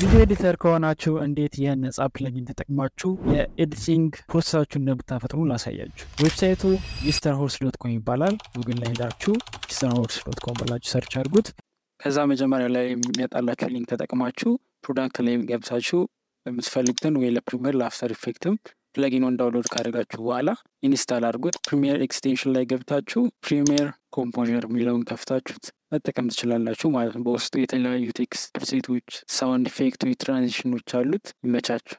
ቪዲዮ ኤዲተር ከሆናችሁ እንዴት ይህን ነጻ ፕለጊን ተጠቅማችሁ የኤዲቲንግ ፕሮሰሳችሁን እንደምታፈጥሩ ላሳያችሁ። ዌብሳይቱ ኢስተር ሆርስ ዶት ኮም ይባላል። ጉግል ላይ ሄዳችሁ ኢስተር ሆርስ ዶት ኮም ብላችሁ ሰርች አድርጉት። ከዛ መጀመሪያ ላይ የሚያጣላችሁ ሊንክ ተጠቅማችሁ ፕሮዳክት ላይ ገብታችሁ የምትፈልጉትን ወይ ለፕሪሚየር ለአፍተር ኢፌክትም ፕለጊኑን ዳውንሎድ ካደረጋችሁ በኋላ ኢንስታል አድርጉት። ፕሪሚየር ኤክስቴንሽን ላይ ገብታችሁ ፕሪሚየር ኮምፖዘር የሚለውን ከፍታችሁት መጠቀም ትችላላችሁ ማለት ነው። በውስጡ የተለያዩ ቴክስት ፕሪሴቶች፣ ሳውንድ ኢፌክቶች፣ ትራንዚሽኖች አሉት። ይመቻችሁ።